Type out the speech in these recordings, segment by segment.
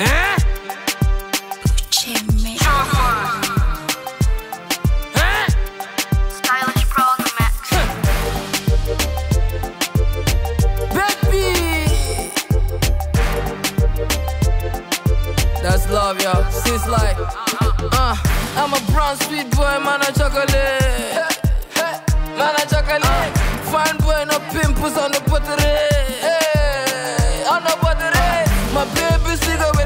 Baby. That's love, y'all. Since like. Uh, I'm a brown sweet boy, man, a chocolate. Man, a chocolate. fine boy, no pimples on the buttery. Hey, on the buttery. My baby cigarette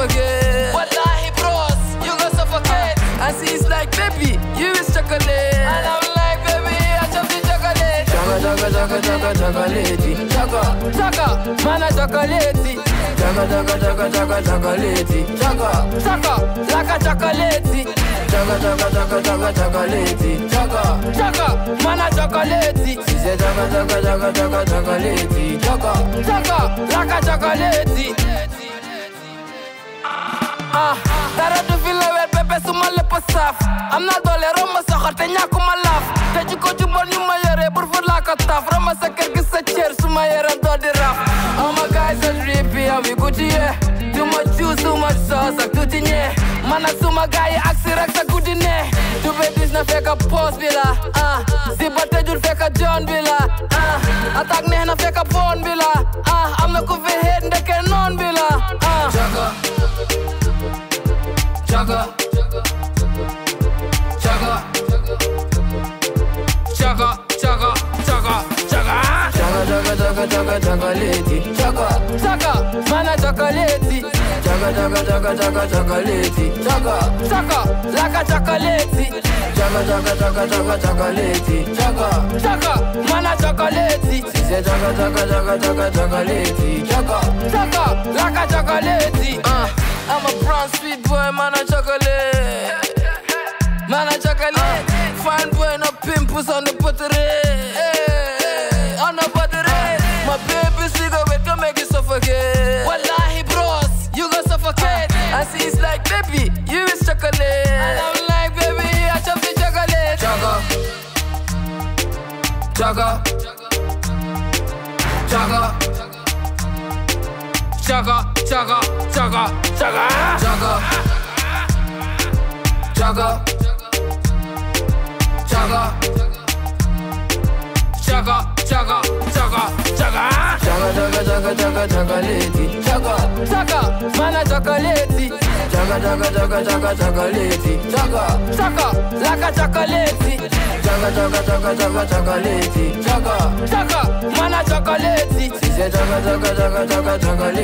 forget. Wallahi, bros, you gon' suffocate. I see it's like, baby, you is chocolate. And I'm like, baby, I chop the chocolate. Chaka, chaka, chaka, chaka, chocolate. Chaka, chaka, man, I chocolate. Chaka, chaka, chaka, chaka, chocolate. Chaka, chaka, chaka, chocolate. Chaka, chaka, chaka, chaka, chocolate. Chaka, chaka, man, I chocolate. She said, chaka, chaka, chaka, chaka, chocolate. Chaka, chaka, chaka, chocolate. laaf am naa doole romb sa xol te ñàkkuma laaf te ci ko ju bon ñu ma yore pour fu laa ko taaf romb sa kër gi sa cër su ma yore doo di raaf all oh my guys are drippy and we Gucci yeah too much juice too much sauce ak tuuti ñee man ak suma gaay yi ak si rek sa guddi ne tube dis na fekk poos bi la ah si ba tëjul fekk joon bi la ah attaque neex na fekk boon bi la ah am na ku fi jaga chocolate Choco, choco, mana chocolate Jaga jaga jaga jaga chocolate Choco, choco, laka chocolate Jaga jaga jaga jaga chocolate Choco, choco, mana chocolate Sise jaga jaga jaga jaga chocolate Choco, choco, laka chocolate uh, I'm a brown sweet boy, mana chocolate Mana chocolate Fine boy, no pimples on the buttery. hey, On the pottery my baby cigarette can make you suffocate. Wallahi, bros, you gon' suffocate. Uh, I see it's like, baby, you is chocolate. And I'm like, baby, I chop the chocolate. Choco. Choco. Choco. Chugga, chugga, chugga, chugga, chugga, chugga, chugga, chugga. jaga jaga jaga lady jaga jaga mana jaga lady jaga jaga jaga jaga jaga lady jaga jaga laka jaga lady jaga jaga jaga jaga jaga lady jaga jaga mana jaga lady jaga jaga jaga jaga jaga lady